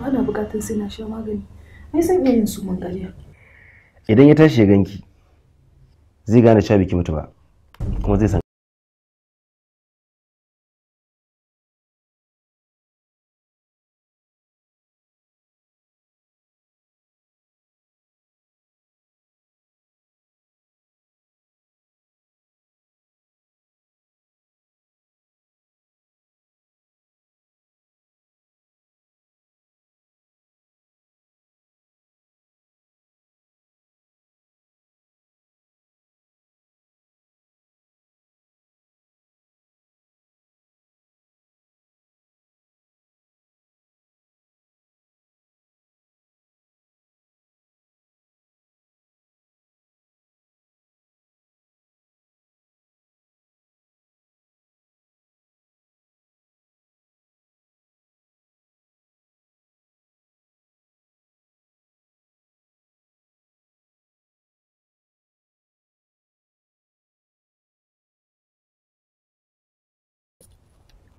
ba na bukatar sai na sha magani ai san iya yin su mangaliya idan ya tashi ya ganki zai gane cewa biki mutu ba kuma zai san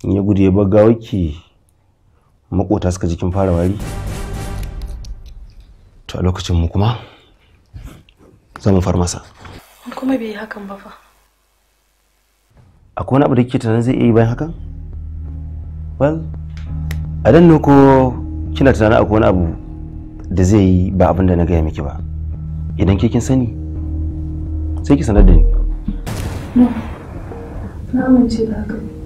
ya gudu ya baga gawaki makota suka jikin fara wari to a lokacin mu kuma za mu farmasa masa kuma bai yi hakan ba fa akwai wani abu da kike tunanin zai iya yi bayan hakan well a dan ne ko kina tunanin akwai wani abu da zai yi ba abin da na gaya miki ba idan ke kin sani sai ki sanar da ni na amince da hakan.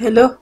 hello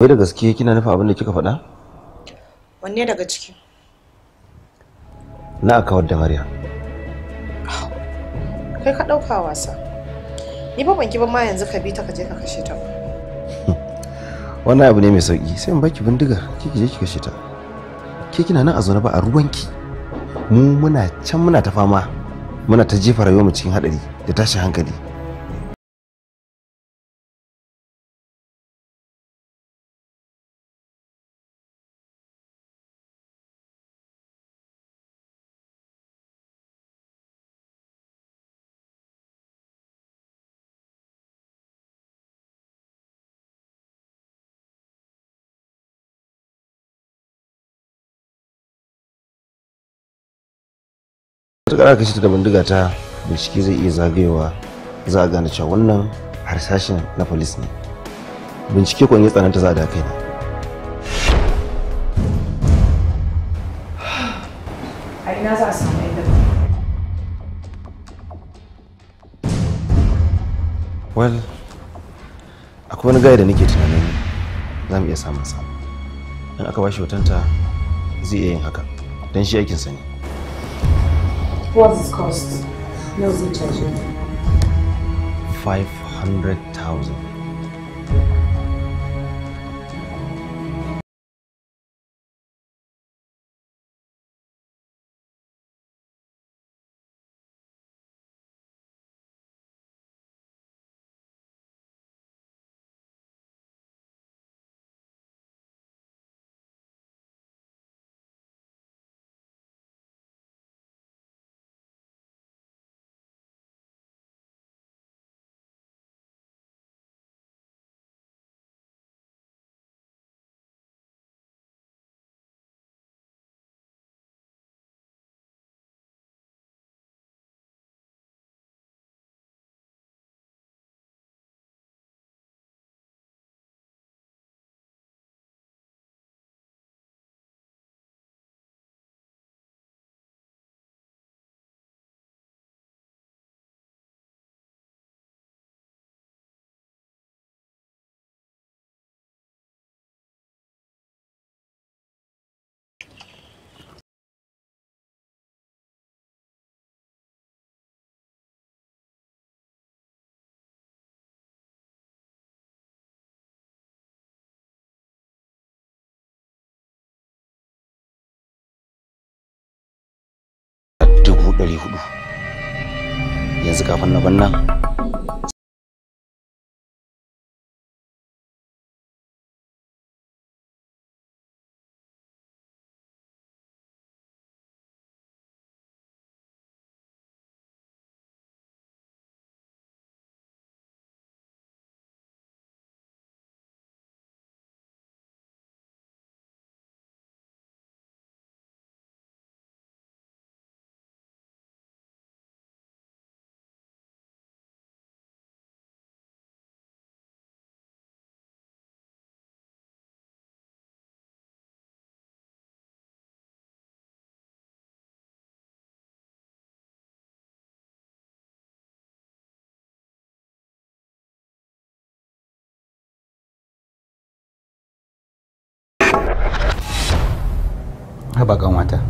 Wai da gaske kina nufin abin da kika faɗa? Wanne daga ciki? Na kawar da Maryam. Kai ka ɗauka wasa. Ni ba ban ki ba ma yanzu ka bi ta ka je ka kashe ta. Wannan abu ne mai sauki sai in baki bindigar kiki je ki kashe ta. Ke kina nan a zaune ba a ruwanki. Mu muna can muna ta fama muna ta jefa rayuwarmu cikin haɗari da tashin hankali. matuƙar aka ce da bindiga ta bincike zai iya zagayewa za a gane cewa wannan harsashin na polis ne bincike kwan yi tsananta za a dakai ne a well akwai wani gaya da nake tunanin za mu iya samun sa in aka bashi shi hotonta zai iya yin haka don shi aikinsa ne What's his cost? No, he charging? 500,000. ɗari hudu yanzu kafin na banna haba kanwata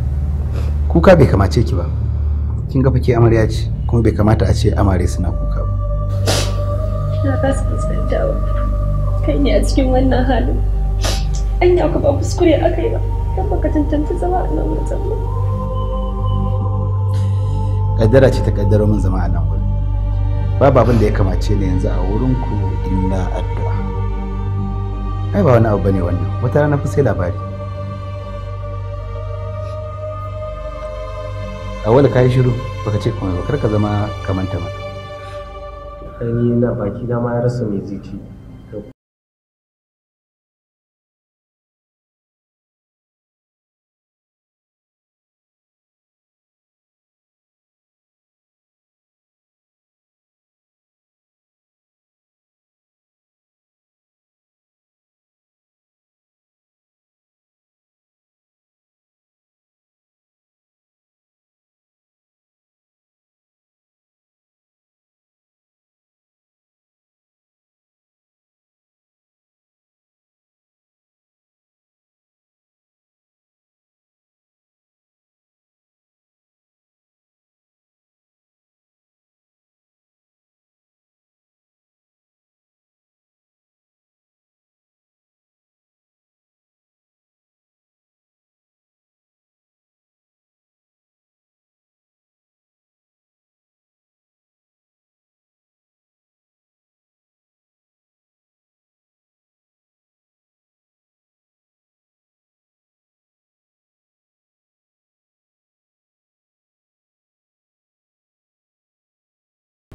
kuka bai kamace ki ba kin ga fake amarya ce kuma bai kamata a ce amare suna kuka ba na kasa fuskantawa kai ne a cikin wannan halin an yi ba kuskure a kai ba kan baka tantance zama a nan wurin kaddara ce ta kaddaro min zama a nan wurin babu abin da ya kamace ne yanzu a wurin ku illa addu'a ai ba wani abu bane wannan wata rana fi sai labari awal ka yi shiru baka ce kuma ba kar ka zama kamanta ba. Ai na baki dama ma ya rasa mai zai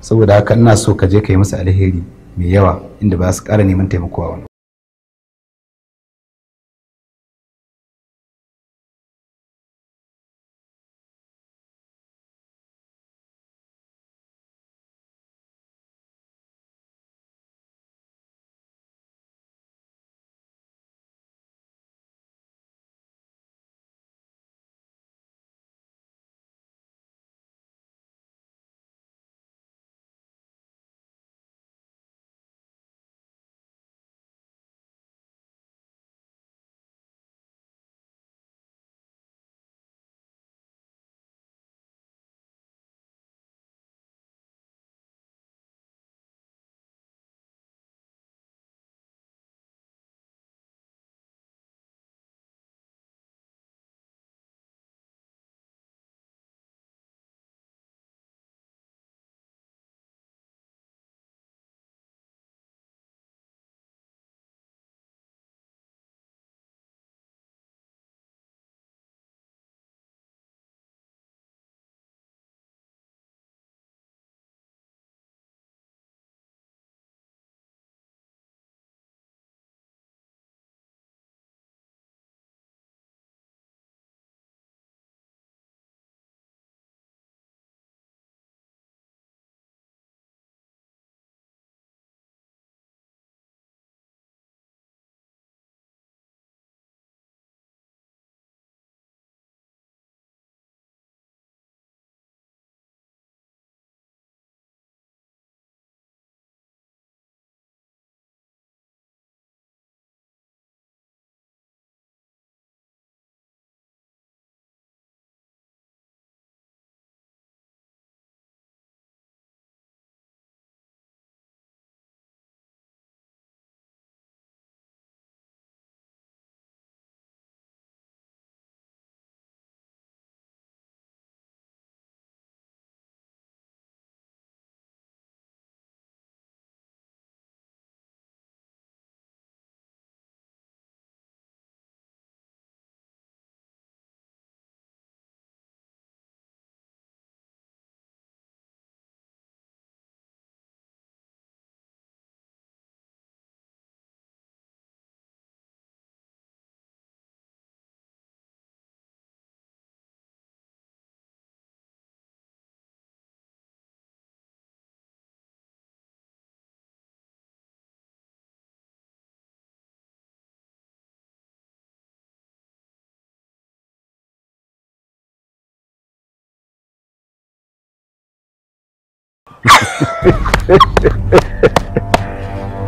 saboda haka ina so ka je ka yi musu alheri mai yawa inda ba su ƙara neman taimako a wani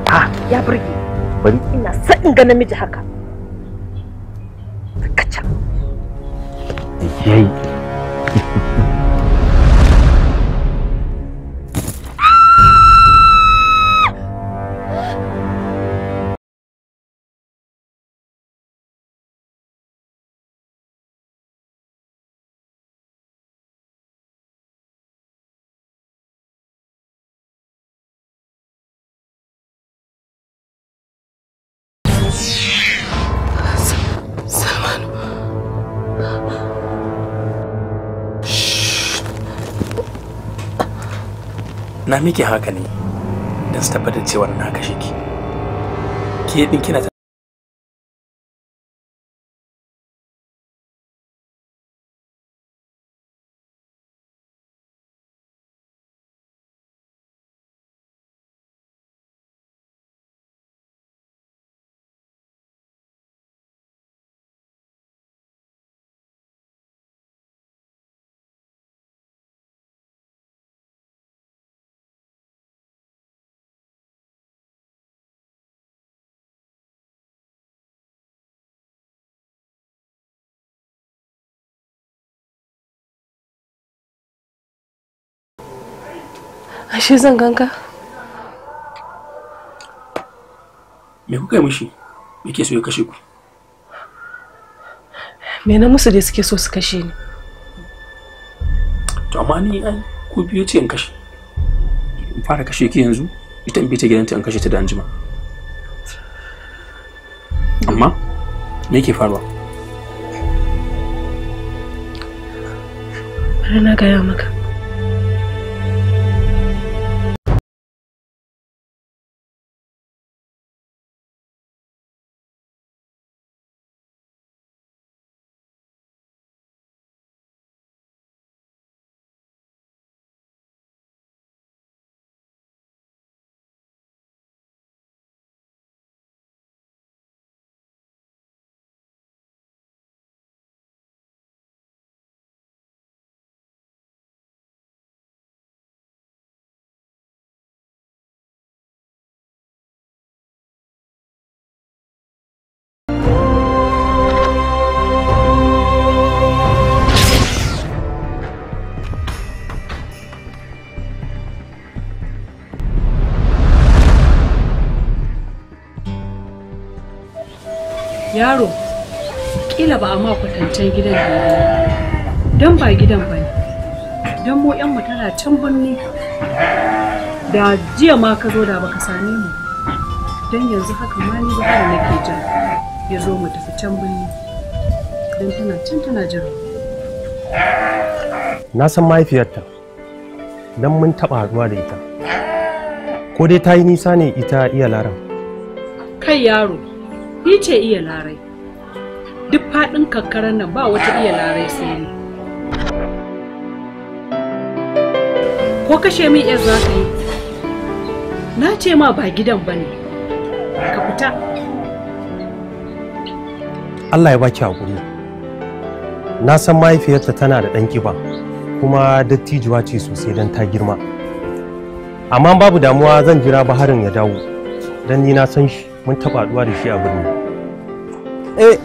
ha ya burge bari ina sa in ga namiji haka kaca yayi na miki haka ne don su tabbatar cewa na kashe ki ke din kina Ashe zan ganka? Me kuka yi mishi? Me ke so ya kashe ku? Me na musu da suke so su kashe ni? To amma ni ai ku biyo ce in kashe. In fara kashe ki yanzu, ita in bi ta gidanta in kashe ta da anjima. Amma me ke faruwa? Bari na gaya maka. yaro kila ba a ma kwatancen gidan da don ba gidan ba ne don mu yan tana can birni da jiya ma ka zo da baka same mu don yanzu haka ma ni ba nake jira ya zo mu tafi can birni don tana can tana jira na san mahaifiyarta don mun taɓa haɗuwa da ita ko dai ta yi nisa ne ita iya laran kai yaro Ni ce iya larai. Duk faɗin kakkarar nan ba wata iya larai sai ni. Ko kashe min yar za ka yi? Na ce ma ba gidan ba ne. Ka fita. Allah ya baki hakuri Na san mahaifiyarta tana da ɗan kiba kuma dattijuwa ce sosai don ta girma. Amma babu damuwa zan jira baharin ya dawo don ni na san shi. mun taɓa haɗuwa da shi a birni eh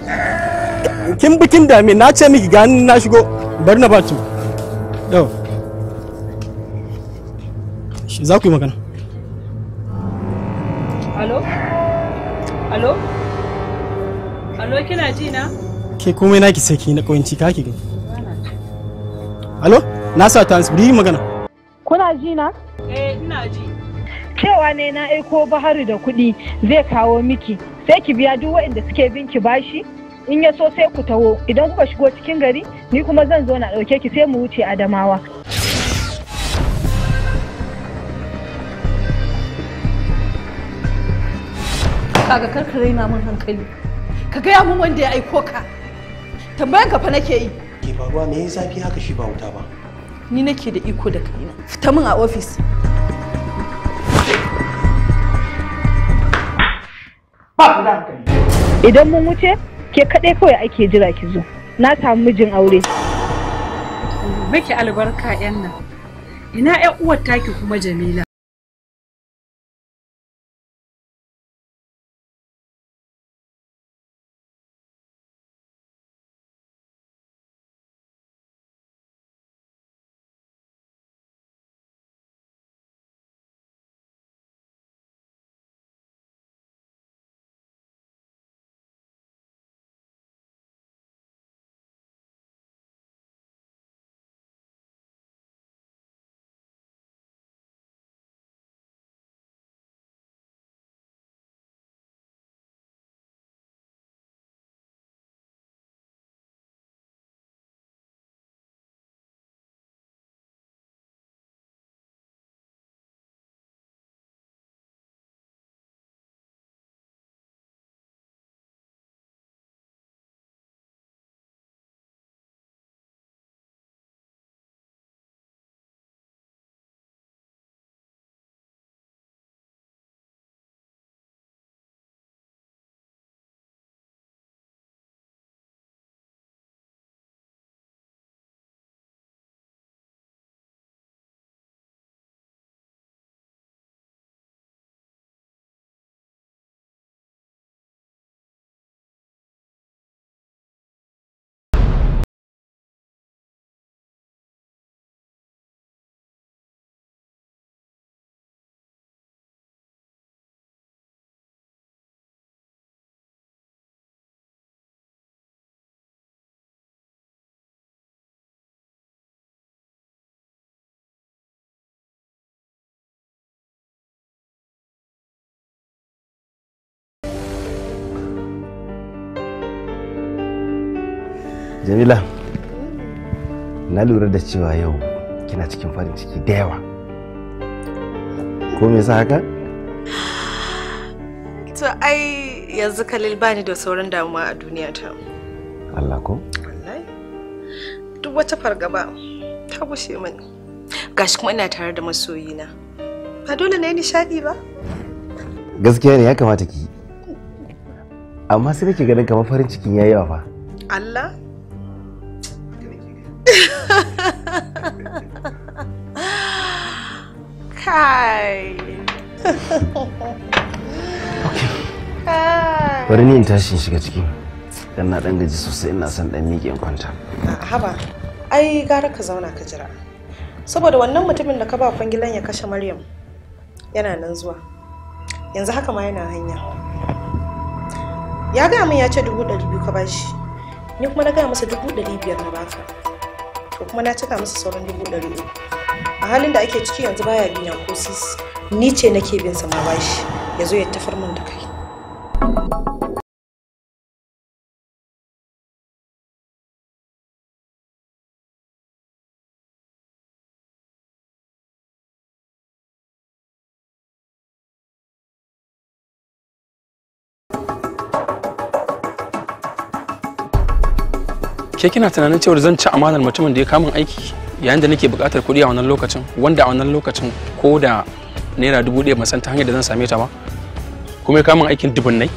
kin bikin dame na ce miki gani na shigo bar na batu yau za ku yi magana alo alo alo kina ji na ke komai na ki saki na ƙawanci ka ki alo na sa ta yi magana kuna ji na eh ina ji cewa ne na aiko baharu da kuɗi zai kawo miki sai ki biya duk waɗanda suke bin ki bashi in ya so sai ku taho idan kuka shigo cikin gari ni kuma zan zo na ɗauke ki sai mu wuce adamawa. kaga karkare na mun hankali ka gaya mun wanda ya aiko ka tambayan ka fa nake yi ke faruwa me yasa zafi haka shi ba wuta ba ni nake da iko da kaina fita min a ofis Idan mun wuce, ke kaɗai kawai ake jira ki zo. Na samu mijin aure. Miki albarka 'yan nan. Ina 'yan uwar taki kuma Jamila. jamila na lura da cewa yau kina cikin farin ciki da yawa ko me yasa haka to ai yanzu kalil bani da sauran damuwa a duniya ta Allah ko wallahi duk wata fargaba ta gushe mani gashi kuma ina tare da masoyina ba dole na yi nishadi ba gaskiya ne ya kamata ki amma sai kake ganin kamar farin cikin yayi yawa fa Allah Kai. Bari ni in tashi shiga ciki. Dan na dan gaji sosai ina son dan miƙe in kwanta. Ah, haba, ai gara ka zauna ka jira. Saboda wannan mutumin da ka ba kwangilan ya kashe Maryam yana nan zuwa. Yanzu haka ma yana hanya. Ya gaya min ya ce dubu ɗari biyu ka bashi. Ni kuma na gaya masa dubu ɗari biyar na baka. To kuma na cika masa sauran dubu ɗari uku. a halin da ake ciki yanzu baya bina ko sisi ni ce nake bin sa ma bashi ya zo ya tafar min da kai ke kina tunanin cewar zan ci amanar mutumin da ya kamun aiki yayin da nake buƙatar kuɗi a wannan lokacin wanda a wannan lokacin ko da naira dubu ɗaya masan san ta hanyar da zan same ta ba kuma ya kama aikin dubunnai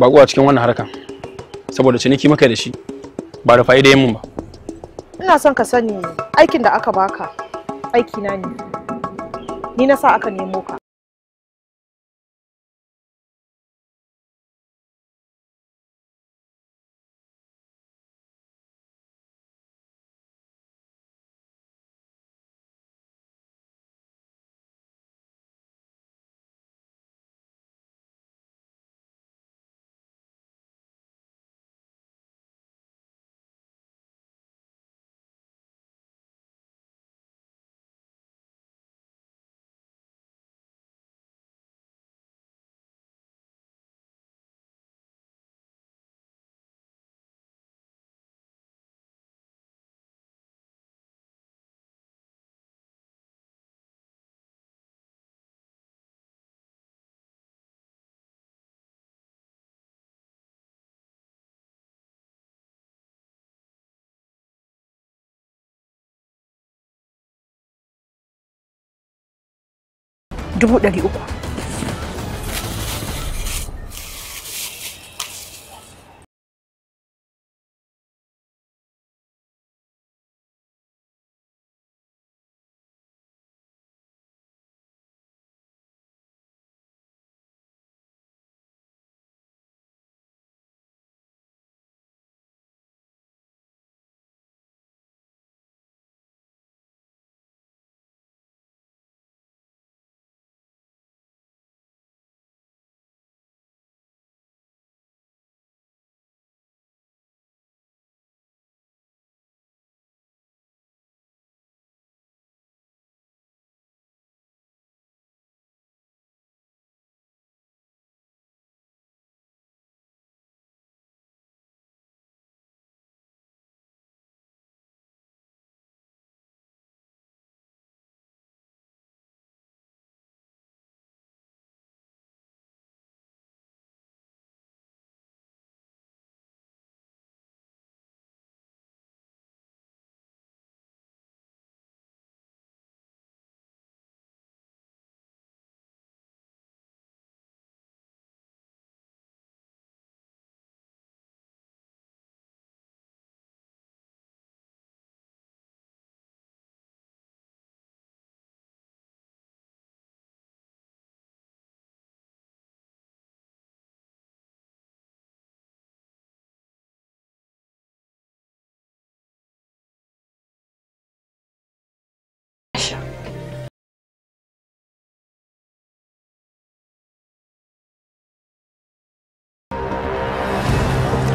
bako a cikin wannan harkan saboda ciniki maka da shi ba da fa'ida yin ba ina son ka sani aikin da aka baka aikina ne ni na sa aka nemo ka 求布大吉乌帕。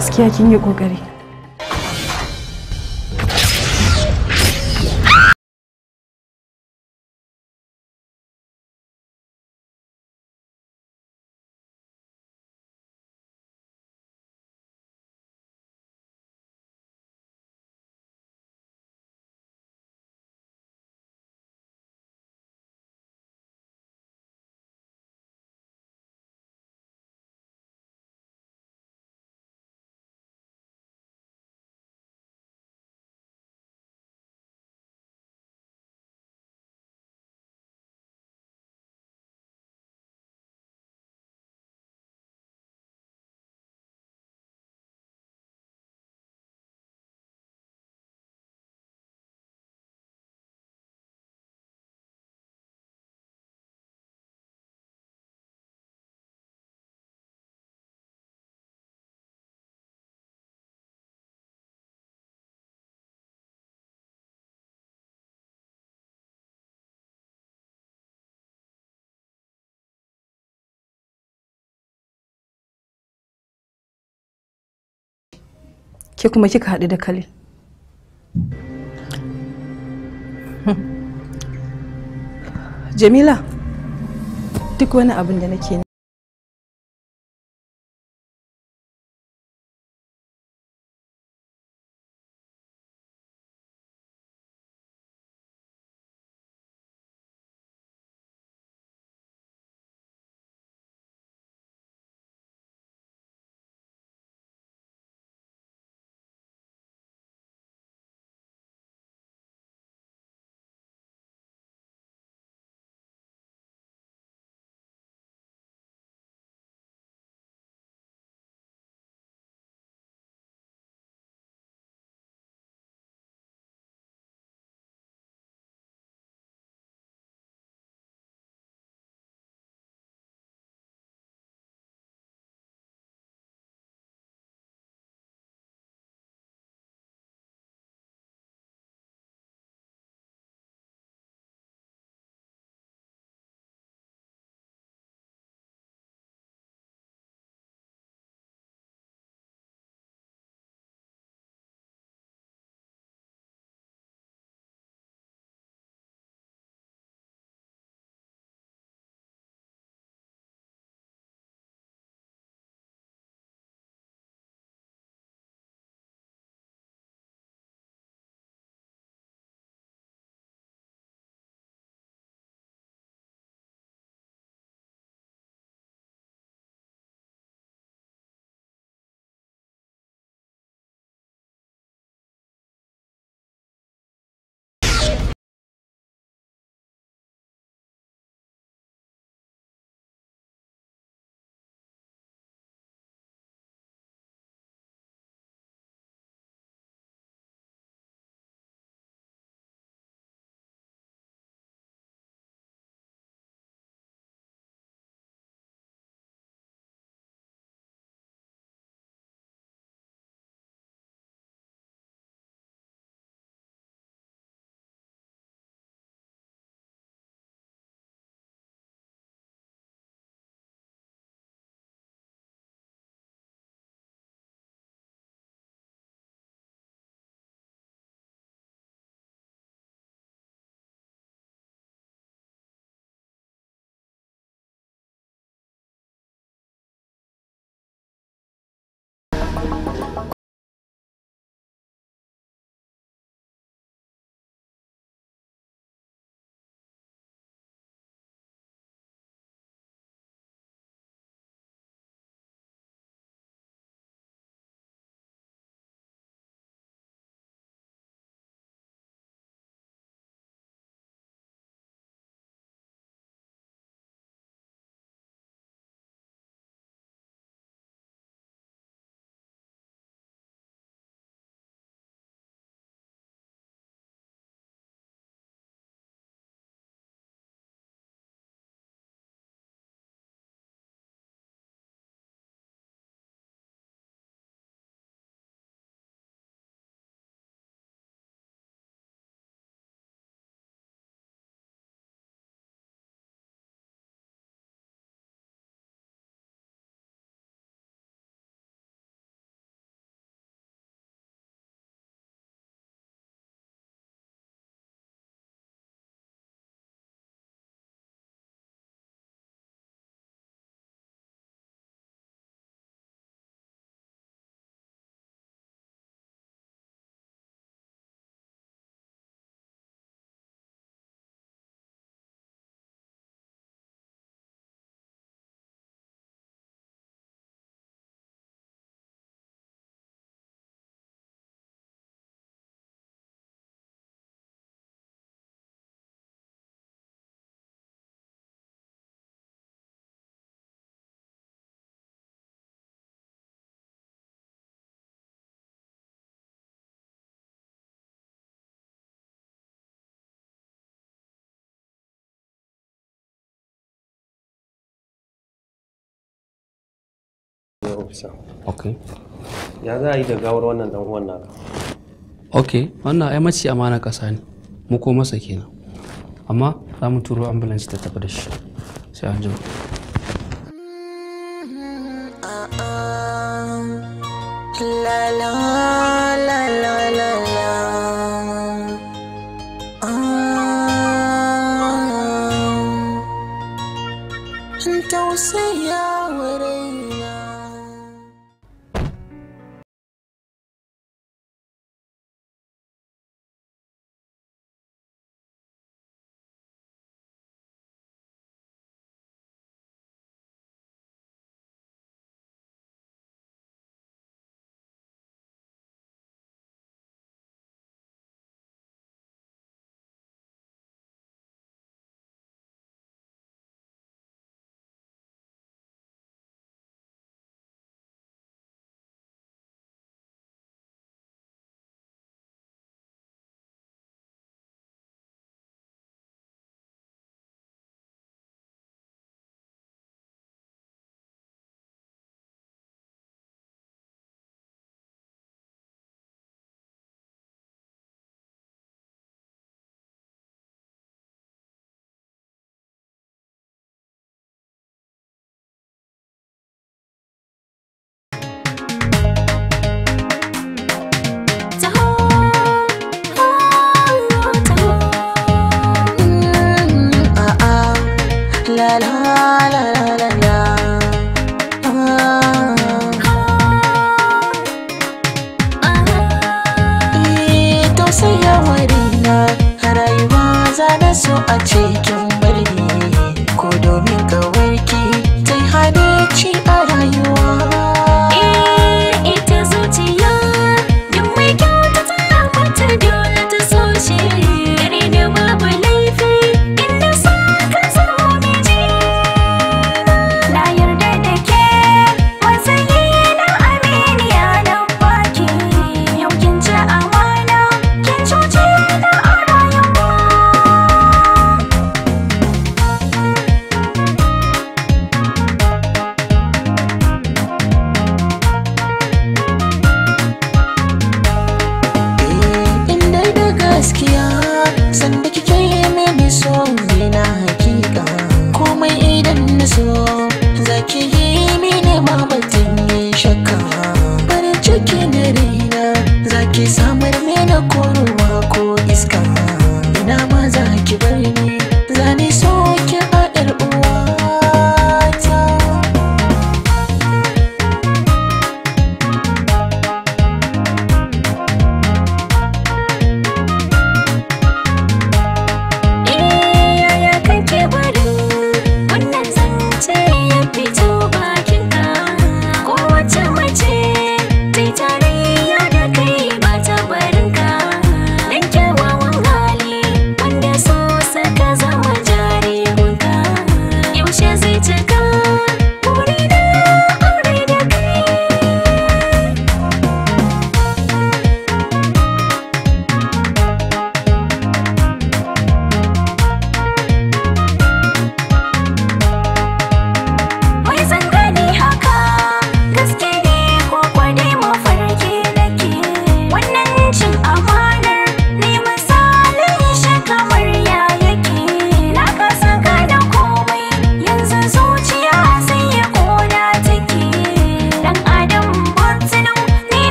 gaskiya kin yi kokari ke kuma kika haɗu da Khalil. Hmm. Jamila, duk wani abin da nake corruption okay ya za a yi da gawar wannan dan uwan naka okay wannan ai mace amana kasa ne mu ko masa kenan amma za mu turo ambulance ta tafi da shi sai an jima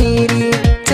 You.